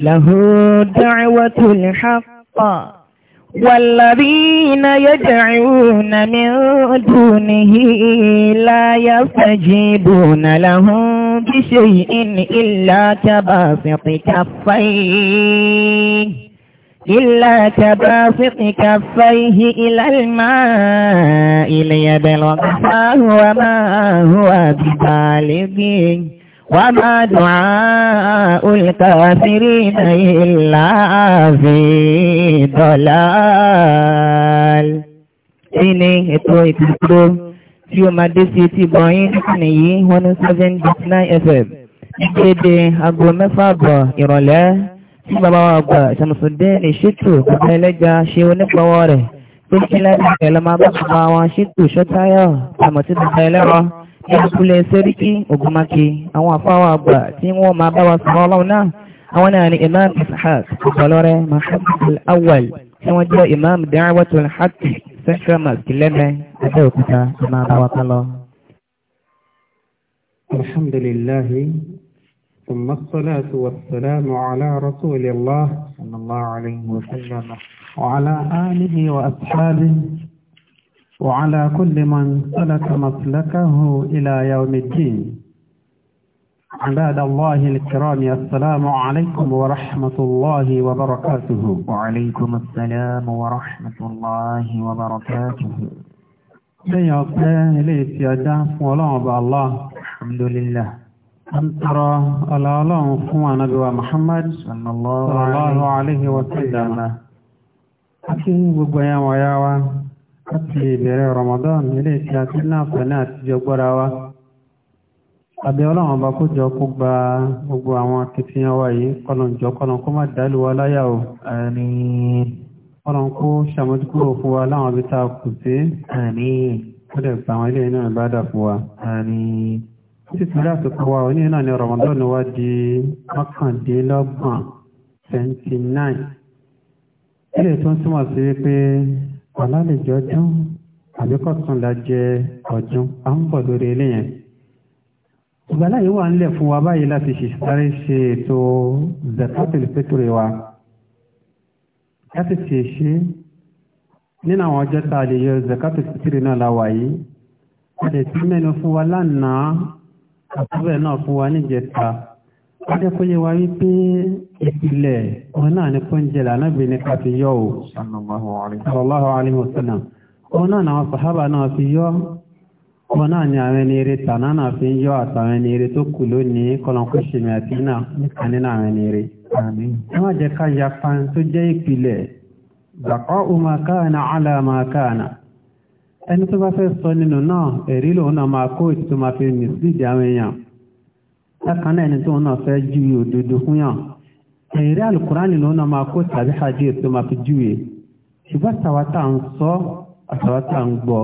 له دعوة الحق والذين يدعون من دونه لا يستجيبون لهم بشيء إلا كباسط كفيه إلا كباسط كفيه إلى الماء ليبلغ فهو ما هو ببالغه وما دعاء الكافرين إلا في ضلال Ini ètò ìtìkúrò tí ó máa dé sí ti bọ̀yìn nìkanì yìí 107.9 FM. Ìgbéde aago mẹ́fà bọ̀ ìrọ̀lẹ́ tí bàbá wa gbà ṣàmùsùndé ní ṣètò bàbá ẹlẹ́jà ṣe onípọ̀wọ́ rẹ̀ tó kí lẹ́gbẹ̀ẹ́ lọ máa bá bàbá wọn ṣètò ṣọ́táyọ̀ àmọ̀tí bàbá ẹlẹ́rọ ìrùkúlẹ̀ sẹ́ríkí ogunmáke àwọn àfáwà àgbà tí wọ́n máa bá wa sọ̀rọ̀ ọlọ́run náà àwọn náà ni imam ishaq ọ̀pọ̀lọ́rẹ́ mahamud awal tí wọ́n jẹ́ imam da'watul haqq central mosque lẹ́mẹ́ abẹ́òkúta máa bá wa kálọ. alhamdulillahi ثم الصلاة والسلام على رسول الله صلى الله عليه وسلم وعلى آله وأصحابه وعلى كل من سلك مسلكه إلى يوم الدين عباد الله الكرام السلام عليكم ورحمة الله وبركاته وعليكم السلام ورحمة الله وبركاته lẹ́yìn ọpẹ́ ilé ìtì ọjá fún ọlọ́run ọba allah alhamdulillah a ń tọrọ ọlá ọlọ́run fún ànábíwá muhammad sallallahu alaihi wa sallam àti gbogbo ẹ̀yàn wọ̀nyá wa láti ìbẹ̀rẹ̀ Ramadan ilé tí a ti láǹfà ní àtijọ́ gbọ́ra wa abẹ́ ọlọ́run bá kójọ kó gba gbogbo àwọn akitiyan wa yìí kọlọ̀njọ́ kọlọ̀n kó má dálù wa láyà o kọlọ̀n kó ṣàmójúkúrò fún wa láwọn ibi tá a kù sí kó dẹ̀ gba àwọn ilé inú ìbádà fún wa títí láti kọ́ wa oní náà ni Ramadan wa di mọ́kàndínlọ́gbọ̀n twenty nine ilé tó ń túmọ̀ sí wípé ọ̀la lè jẹ ọdún àbí kọ̀tún la jẹ ọdún à ń bọ̀ lórí eléyẹn. ìgbàláyé wà ńlẹ̀ fún wa báyìí láti sáré ṣe ètò zakatul fitri wa láti ṣe ṣe nínú àwọn ọjọ́ tá a lè yọ zakatul fitri náà la wà yìí a lè tún mẹ́nu fún wa lánàá àtúbẹ̀ náà fún wa níjẹta. Adékóyé wa wípé ìpìlẹ̀ òun náà ni kó ń jẹ lànàbì ní ká fi yọ́ o. Sallallahu alayhi wa sallam. Òun náà àwọn sàhábà náà fi yọ́. Òun náà ni àwọn ẹni eré tàná náà fi yọ́ àtàwọn ẹni eré tó kù lónìí kọlọ̀kú ṣèmì àti náà nìkan lákan náà ẹni tó ń náà fẹ́ júwe òdodo fún yàn ẹ̀rí alukurani ló náà máa kó tàbí hadith tó máa fi júwe ṣùgbọ́n tàwa tá à ń sọ àtàwa tá à ń gbọ́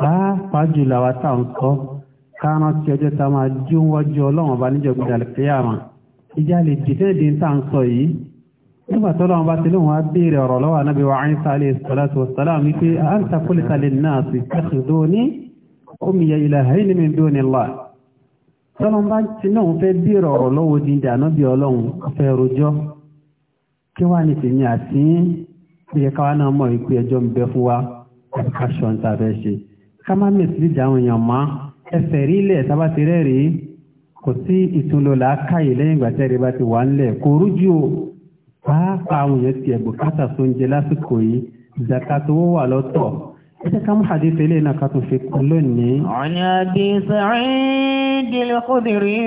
pàápàá jùlọ àwa tá à ń sọ káàrán tí ọjọ́ tá a máa jó wájú ọlọ́run ọba níjọ́ gbọdọ̀ àlùkìyàmà ìjà lè dìde dín tá à ń sọ yìí nígbà tó lọ́wọ́ bá ti lóun á béèrè ọ̀rọ̀ lọ́wọ́ anábì wa àyínsá alẹ́ sọ́láṣọ́ sọ́láṣọ́ wípé àǹtà kólítà lè náà sí ẹ̀sìn dóní omi yẹ ilẹ̀ hẹ́ẹ́nì dóní láà tọ́lọ́n bá ti náà fẹ́ bèèrè ọ̀rọ̀ lọ́wọ́ di ìdáná bí ọlọ́run fẹ́ rojọ́ kí wá ní tèmi àti ìyẹ káwá náà mọ̀ wípé ẹjọ́ ń bẹ fún wa aṣọ ń tàbẹ́ ṣe ká má mẹ́sìlì dáhùn èèyàn mọ́ ẹsẹ̀ rí ilẹ̀ sábà ti rẹ́rìí kò sí ìtúnlò làákàyè lẹ́yìn ìgbà tẹ́rẹ̀ bá ti wà ńlẹ̀ kò rújú o pàápàá àwọn èèyàn ti ẹ̀bùn kátà tó ń jẹ lásìkò yìí ìzàkàtò owó wà lọ́tọ̀ ẹ jẹ́ ká mú hadith eléyìí náà ká tún fi kún lónìí. ọ̀nà àbí سعيد الخدري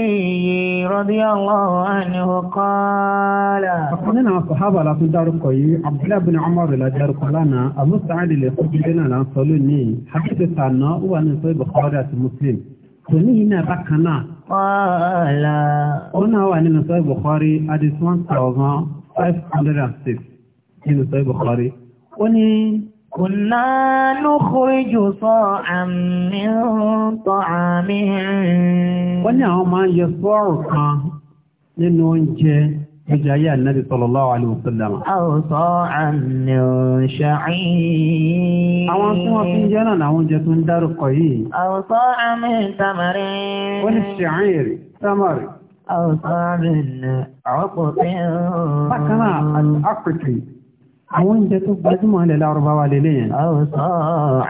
رضي الله عنه قال أخبرنا الصحابة لا تدارك عبد الله بن عمر لا دارك لنا أبو سعيد الخدري لنا صلوني حديث سعنا هو أن صيب خارج مسلم tòní iná bákan náà. Wọ́ọ̀lá. Ó náà wà nínú sọ́yìn Bukhari, Addis 1,506 nínú sọ́yìn Bukhari. Ó ní كنا نخرج صاعا من طعامهم wọ́n ní àwọn máa ń yẹ sọ́ọ̀rọ̀ kan nínú oúnjẹ ìjà ayé ànábì sallallahu alaihi wasallam. aw sa'an min sha'ir. àwọn tí wọ́n fi ń jẹ́ náà làwọn oúnjẹ tó ń dárúkọ yìí. aw sa'an min tamarin. ó ní ṣàìrì tamari. aw sa'an min ọ̀pọ̀ pẹ́ẹ́n. bákan náà àti áfíríkì àwọn oúnjẹ tó gbajúmọ̀ ilẹ̀ lárúbáwá lélẹ̀ yẹn. ọ̀sọ́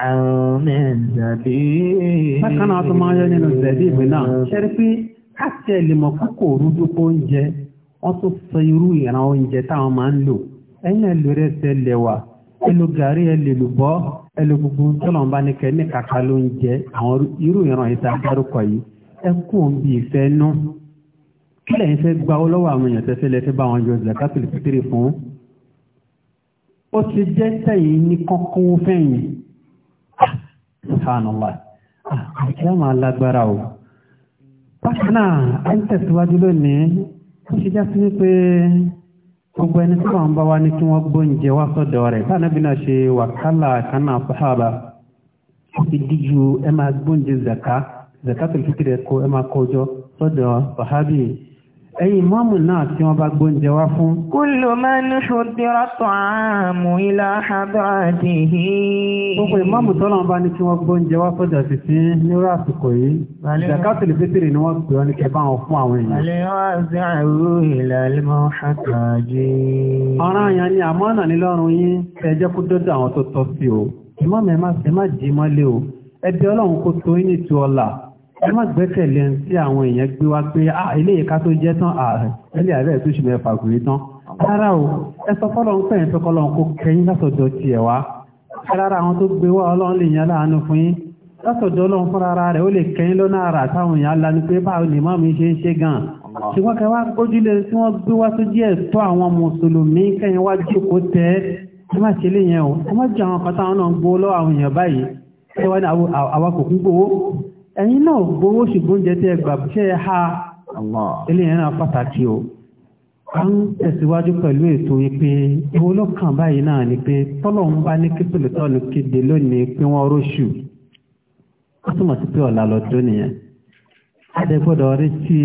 àmì zàbí. bákan náà tó máa yọ nínú zàbí ìwé náà ṣẹ́rí pé káṣí ẹ̀ lè mọ̀ kókò rúdú oúnjẹ wọ́n tó sọ irú ìran oúnjẹ táwọn máa ń lò ẹ̀yìn ẹ̀ lórí ẹsẹ̀ lẹ̀ lo gàrí ẹ̀ lè lò bọ́ ẹ̀ lo gbogbo tọ́lọ̀mbá ní kẹ́ ní kàkà ló ń jẹ àwọn irú ìran yìí tá a dárúkọ yìí ẹ kú òun bí ìfẹ́ nú kílẹ̀ yìí fẹ́ gba ọlọ́wọ́ àwọn èèyàn tẹ́fẹ́ lẹ́fẹ́ bá wọn yọ zakatul fitiri fún ó ti jẹ́ tẹ̀yìn ní kọ́kún fẹ́yìn ṣàánàlá àkíyà máa lágbára o pàṣánà a ń tẹ̀síwájú lónìí ó ṣe já sí wípé gbogbo ẹni tí wọ́n bá wá ní kí wọ́n gbóúnjẹ wá sọ́dọ̀ rẹ̀ tánàbí náà ṣe wàkálà ó ti díjú ẹ máa gbóúnjẹ zaka zaka tó fi kiri ẹ̀kọ́ ẹ máa kọjọ sọ́dọ̀ ẹ̀yin mọ́mù náà tí wọ́n bá gbóúnjẹ wá fún. Kullu man huddira ta'amu ila hadratihi. Gbogbo ìmọ́mù tọ́lọ̀ bá ní kí wọ́n gbóúnjẹ wá fọ́jà sí sí nírú àsìkò yìí. Zakatul fitri ni wọ́n pè ọ́ ní kẹfà wọn fún àwọn èèyàn. Àlẹ́ wá sí àrùn ilal muhtajin. Ọ̀ràn àyàn ni àmọ́ ẹ má gbẹ́kẹ̀lé tí àwọn èèyàn gbé wá pé ah, eléyìí ká tó jẹ́ tán ẹlẹ́ ah, àárẹ̀ tó ṣe mẹ́fà kò rí tán rárá o ẹ sọ fọ́lọ́ ń pẹ̀yìn fẹ́kọ́lọ́ kó kẹyìn látọ̀dọ̀ tiẹ̀ wá rárá àwọn tó gbé wá ọlọ́run lè yan láàánú fún yín látọ̀dọ̀ ọlọ́run fún rárá rẹ̀ ó lè kẹyìn lọ́nà àrà táwọn èèyàn lanu pé báwo ni mọ́ mi ṣe ń ṣe gan ṣùgbọ́n kẹ wá gbójúlé tí wọ́n gbé wá tó díẹ̀ tó àwọn mùsùlùmí kẹyìn wá jókòó tẹ́ ẹ má ṣe lè yẹn o ẹ má jẹ àwọn kan táwọn náà ń gbó lọ́wọ́ àwọn èèyàn báyìí ẹ wá ní àwọn kò kún gbowó ẹ̀yin náà gbowó ṣùgbọ́n jẹ́ tẹ́ gbà ṣe é ha eléyìí náà pàtàkì o a ń tẹ̀síwájú pẹ̀lú ètò wípé ìwọ ló kàn báyìí náà ni pé tọ́lọ̀ ń bá ní kípìlì tọ́nu kéde lónìí pé wọ́n róṣù ó túmọ̀ sí pé ọ̀la lọ́dún nìyẹn adẹ́gbọ́dọ̀ rí sí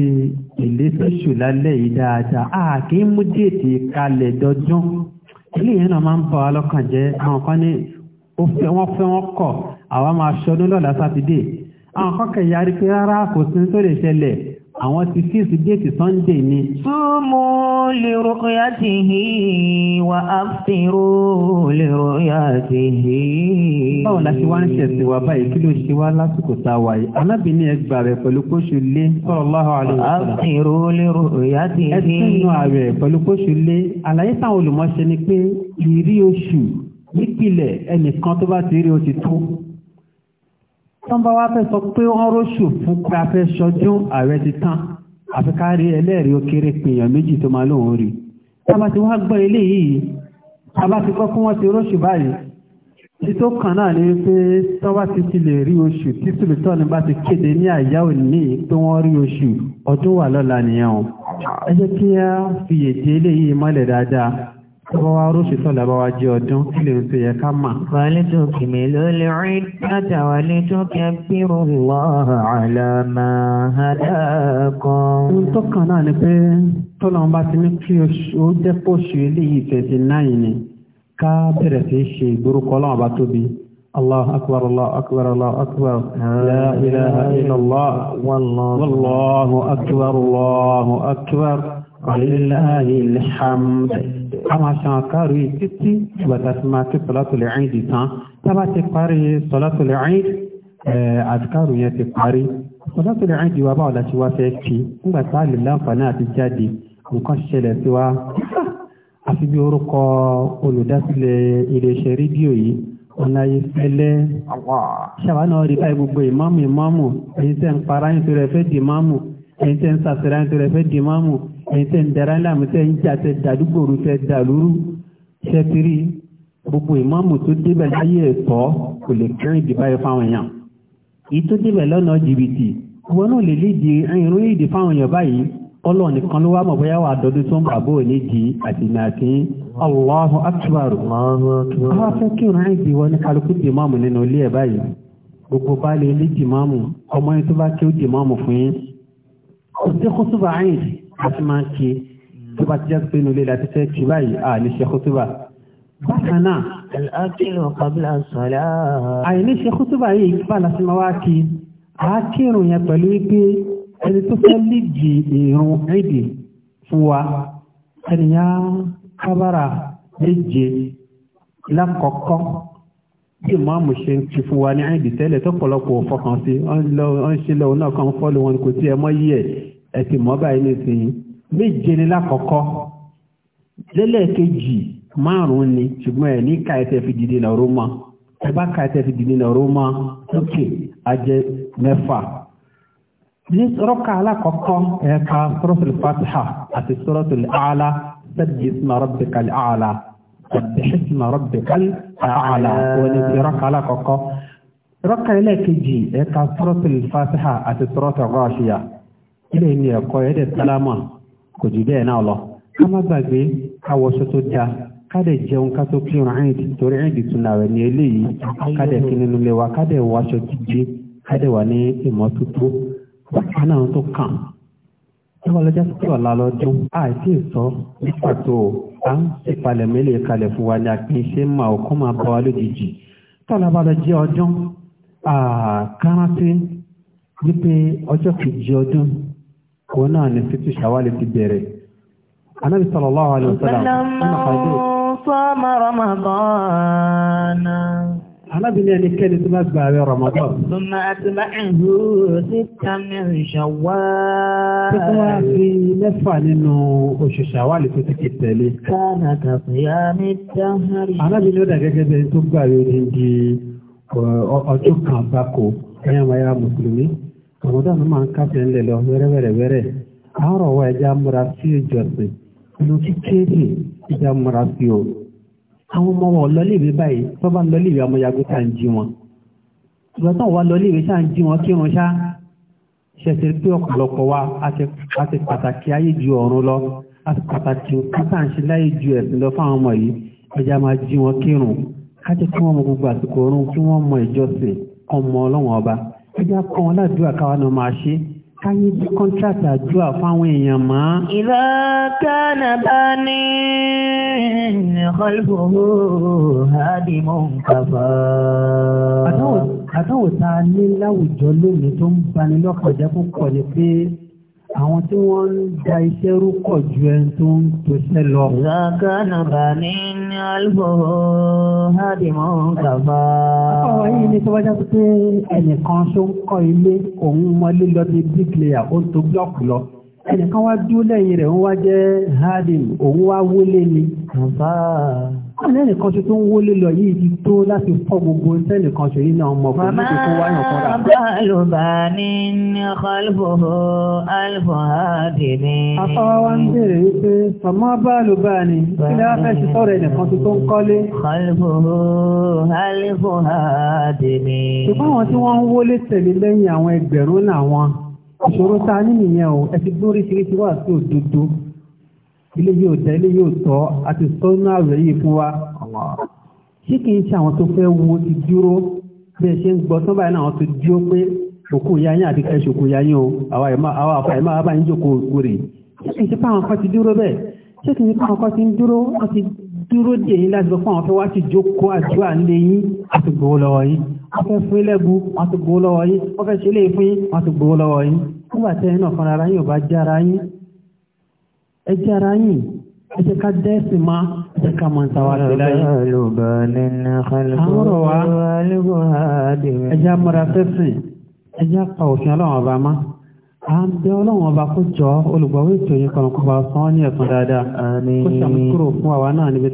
ilé tóṣù lálẹ́ yìí dáadáa a kì í mú déètì kalẹ̀ dọ́jọ́ eléyìí náà máa ń bọ̀ alọ́kàn jẹ́ àwọn kan ní wọ́n fẹ́ wọ́n kọ̀ àwa máa ṣọdún lọ́la sátidé àwọn kọ́kẹ̀ yarí pé rárá kò sí tó lè àwọn ti fíìsì déètì sunday ni. súnmù lérò ya ti hì wà áfíró lérò ya ti hì. báwo la ṣe wá ń ṣẹ̀sìn wa báyìí kí ló ṣe wá lásìkò tá a wà yìí alábìíní ẹgbà rẹ pẹ̀lú kóṣù lé sallallahu alaihi wasallam. áfíró lérò ya ti hì. ẹsẹ̀ inú ààrẹ pẹ̀lú kóṣù lé àlàyé táwọn olùmọ̀ṣẹ́ ni pé ìrí oṣù nípìnlẹ̀ ẹnìkan tó bá ti rí oṣù tó tán bá wá fẹ́ sọ pé wọ́n róṣù fún pé a fẹ́ ṣọdún ààrẹ ti tán àfi ká rí ẹlẹ́rìí ó kéré pèèyàn méjì tó máa lóun rí tábà ti wá gbọ́ eléyìí tábà ti kọ́ kí wọ́n ti róṣù báyìí tí tó kàn náà ni pé tọ́wá ti ti lè rí oṣù tí tòlótọ́ ni bá ti kéde ní àyà òní pé wọ́n rí oṣù ọdún wà lọ́la nìyẹn o ẹ jẹ́ kí á fiyèsí eléyìí mọ́lẹ̀ dáadáa tọ́bọ̀ wa rúṣì tọ́lá bá wa jẹ́ ọdún kí lè tó yẹ ká mà. wàlítò kìmí ló lè rí dáta wàlítò kẹbírù lọ́hà àlàmà àdákan. ohun tó kàn náà ni pé tọ́lá wọn bá ti ní kí ó jẹ́ pọ̀ṣù eléyìí twenty nine ni ká bẹ̀rẹ̀ sí í ṣe ìgbórúkọ ọlọ́run bá tóbi. الله أكبر الله أكبر الله أكبر لا إله إلا الله والله أكبر الله أكبر ولله الحمد a máa ṣe àkàrí títí ìgbàtà tí máa kí sọ́látòlẹ̀ àìdì tán tábà ti parí sọ́látòlẹ̀ àìdì àdìkàrù yẹn ti parí sọ́látòlẹ̀ àìdì wa báwo la ṣe wá fẹ́ kí nígbàtà lè láǹfààní àti jáde nǹkan ṣẹlẹ̀ sí wa àfi bí orúkọ olùdásílẹ̀ iléeṣẹ́ rédíò yìí ọ̀nàyè fẹ́lẹ́ ṣàwánà rí báyìí gbogbo ìmáàmù ìmáàmù ẹ̀yin tẹ́ ń para ẹ̀yin tẹ́ ń dara láàmú tẹ́ ń jà tẹ́ dàdúgbòrú tẹ́ dàlúrú ṣẹ́tìrì gbogbo ìmáàmù tó débẹ̀ láyé ẹ̀tọ́ kò lè kẹrin ìdìbáyé fáwọn èèyàn èyí tó débẹ̀ lọ́nà jìbìtì wọn náà lè léde irun èdè fáwọn èèyàn báyìí ọlọ́ọ̀ nìkan ló wá mọ̀ bóyá wà dọ́dún tó ń bà bó ní di àtìmí àti Allahu Akbar àwọn afẹ́kìrún àìdí wọn ní kálukú di máàmù nínú ilé ẹ̀ báyìí gbogbo baálé ilé di máàmù ọmọ yẹn tó bá kí ó di máàmù fún yín kò sí kó tó bá àìdí a ti máa ń ké tó bá ti jẹ́ pé inú ilé la ti fẹ́ kí báyìí a lè ṣe kútúbà. bákan náà. aláàkìlì ọ̀kọ́bílà sọ̀lá. àìní ṣe kútúbà yìí bá la ti máa wá kí àákìrùn yẹn pẹ̀lú pé ẹni tó fẹ́ lídì ìrun èdè fún wa ènìyàn kábàrà méje lákọ̀ọ́kọ́ bí mọ́mù ṣe ń ti fún wa ní àìdí tẹ́lẹ̀ tó pọ̀lọpọ̀ fọkàn sí wọ́n ń ṣe náà kan fọ́lù wọn kò tí mọ́ yí ẹ̀ ẹ̀sìn mọ́bà yìí nísìnyí méje ni lákọ̀ọ́kọ́ lẹ́lẹ́ẹ̀kejì márùn-ún ni ṣùgbọ́n ẹ̀ ní ká ẹsẹ̀ fi dìde lọ́rọ́ mọ́ ẹ bá ká ẹsẹ̀ fi dìde lọ́rọ́ mọ́ lókè ajẹ́ mẹ́fà ní sọ́rọ́kà alákọ̀ọ́kọ́ ẹ̀ka suratul Fatiha àti suratul A'la sabbi isma rabbikal a'la sabbihisma rabbikal a'la wọ́n ní sọ́rọ́kà alákọ̀ọ́kọ́ sọ́rọ́kà ẹlẹ́ẹ̀kejì ẹ̀ka suratul Fatiha àti suratul Ghashiya ilé ní ẹ̀kọ́ ẹ̀dẹ̀ sálámà kò jù bẹ́ẹ̀ náà lọ ká má gbàgbé awọṣọ tó da kádẹ̀ jẹun ká tó kí ọ̀ràn ìdí torí ìdí tún ààrẹ ní eléyìí kádẹ̀ kí nínú ilé wa kádẹ̀ wọ aṣọ jíjẹ kádẹ̀ wà ní ìmọ́tótó kánà tó kàn tí wọ́n lọ́jà sí ọ̀la lọ́dún àìsí ìsọ ní pàtó à ń ṣèpalẹ̀ mélòó kalẹ̀ fún wa ní àpínṣe máa ò kó máa bá wa lójijì tọ́lá jẹ́ ọdún òun náà ni títí ṣàwálì ti bẹ̀rẹ̀ anábì sallallahu alaihi wasallam nínú àjò. sọ́mọ ramadana. anábì ní ẹnikẹ́ni tó bá gba àwẹ̀ ramadan. sọ́mọ àtúbà ẹ̀hú sí kàmí ṣàwá. títí wá fi mẹ́fà nínú oṣù ṣàwálì tó ti tẹ̀lé. kánà kàfíà mi dáhàrí. anábì ní ó dà gẹ́gẹ́ bẹ́ẹ̀ tó gbà yóò di ọjọ́ kan báko ẹ̀yàn máa yá mùsùlùmí. Ramadan máa ń kásẹ̀ ńlẹ̀ lọ wẹ́rẹ́wẹ́rẹ́wẹ́rẹ́. Àárọ̀ wa ẹja múra sí ìjọsìn. Inú kíkéèrè ẹja múra sí o. Àwọn ọmọ wọn lọ́lẹ́wé báyìí tó bá lọ́lẹ́wé amọ̀yàgò tá à ń jí wọn. Ìgbọ́n tó wà lọ́lẹ́wé tá à ń jí wọn kírun ṣá. Ṣẹ̀ṣẹ̀ pé ọ̀pọ̀lọpọ̀ wa a ti pàtàkì ayé ju ọ̀run lọ. A ti pàtàkì kátà ń ṣe láyé ju ẹ̀sìn lọ fáwọn ọmọ yìí. Ẹja máa jí wọn kírun. Ká jẹ́ kí wọ́n mọ gbogbo àsìkò oorun kí wọ́n mọ ìjọsìn ọmọ ọlọ́wọ́n ọba ẹja kan ládùúgbà káwa náà máa ṣe káyé bí kọ́ńtrátì àdúrà fáwọn èèyàn mọ́. ìlà kánà bá ní ìkọlùfòwò àdìmọ̀ nkàfà. tá a ní láwùjọ lónìí tó ń bani lọ́kàn púpọ̀ ni pé àwọn tí wọ́n ń da iṣẹ́ rú pọ̀ ju ẹni tó ń tòṣẹ́ lọ. Zaka nàbà ní ní alùpùpù Hádìmọ́ kàbá. Ọ̀rọ̀ yìí ni tọ́wọ́já tó pé ẹnìkan ṣó ń kọ́ ilé òun mọ́lé lọ ní bíkìlẹ̀yà ó ń to blọ́ọ̀kù lọ. Ẹnìkan wá dúró lẹ́yìn rẹ̀ ń wá jẹ́ Hádìm òun wá wọlé ni. Kàbá. Àlẹ́nì kan ṣe tó ń wólé lọ yìí ti tó láti fọ́ gbogbo sẹ́nì kan ṣe yìí náà mọ̀ fún mi kò wáyàn ni. Afáwá wa ń bèèrè wípé màmá bá Ìṣòro ta ní nìyẹn o, ẹ ti gbóríṣiríṣi wà sí òdodo ilé yóò dá ilé yóò tọ́ àti sọ́nà rẹ̀ yìí fún wa ṣé kìí ṣe àwọn tó fẹ́ wo ti dúró bí ẹ ṣe ń gbọ́ sọ́nà báyìí náà wọ́n ti dúró pé òkú yáyín àti kẹ́ ṣòkú yáyín o àwa àfa ìmọ̀ àbá ń jòkó òkúrè ṣé kìí ṣe fáwọn kan ti dúró bẹ́ẹ̀ ṣé kìí ṣe fáwọn kan ti dúró wọ́n ti dúró dè yín láti sọ fún àwọn fẹ́ wá ti jókòó àdúrà ńlẹ̀ yín àti gbowó lọ́wọ́ yín wọ́n fẹ́ fún ilẹ̀gùn ẹjẹ́ ara yìí ẹjẹ́ ká dẹ́ẹ̀sì máa ẹjẹ́ ká máa tàwàrà láyé àwọn wa ẹjẹ́ múra fẹ́sìn ẹjẹ́ pa òfin ọlọ́wọ́n ọba má a ń bẹ ọlọ́wọ́n ọba kó jọ olùgbàwé ètò yìí kan kó bá ní ẹ̀sán dáadáa kó ṣàmùkúrò fún àwa náà níbi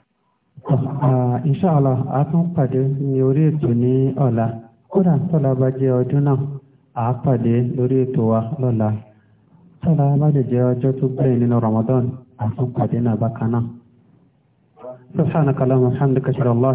tá Ah, ah, inṣàlá a tún pàdé ní orí ètò ní ọ̀la kódà tọ́lá bá jẹ́ ọdún náà a pàdé lórí ètò wa lọ́la tọ́lá bá lè jẹ́ ọjọ́ tó bẹ́ẹ̀ nínú Ramadan a náà bákan subhanaka Allahumma wa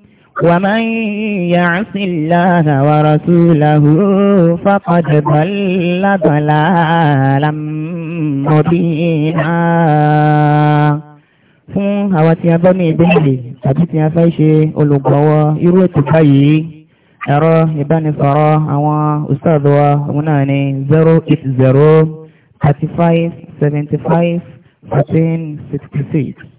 ومن يعص الله ورسوله فقد ضل ضلالا مبينا fún àwọn tí a bọ́ ní ìbéèrè tàbí tí a fẹ́ ṣe olùgbọ́wọ́ irú ètò báyìí ẹ̀rọ ìbánisọ̀rọ̀ àwọn ustad òun náà ni 080 35 75 14 66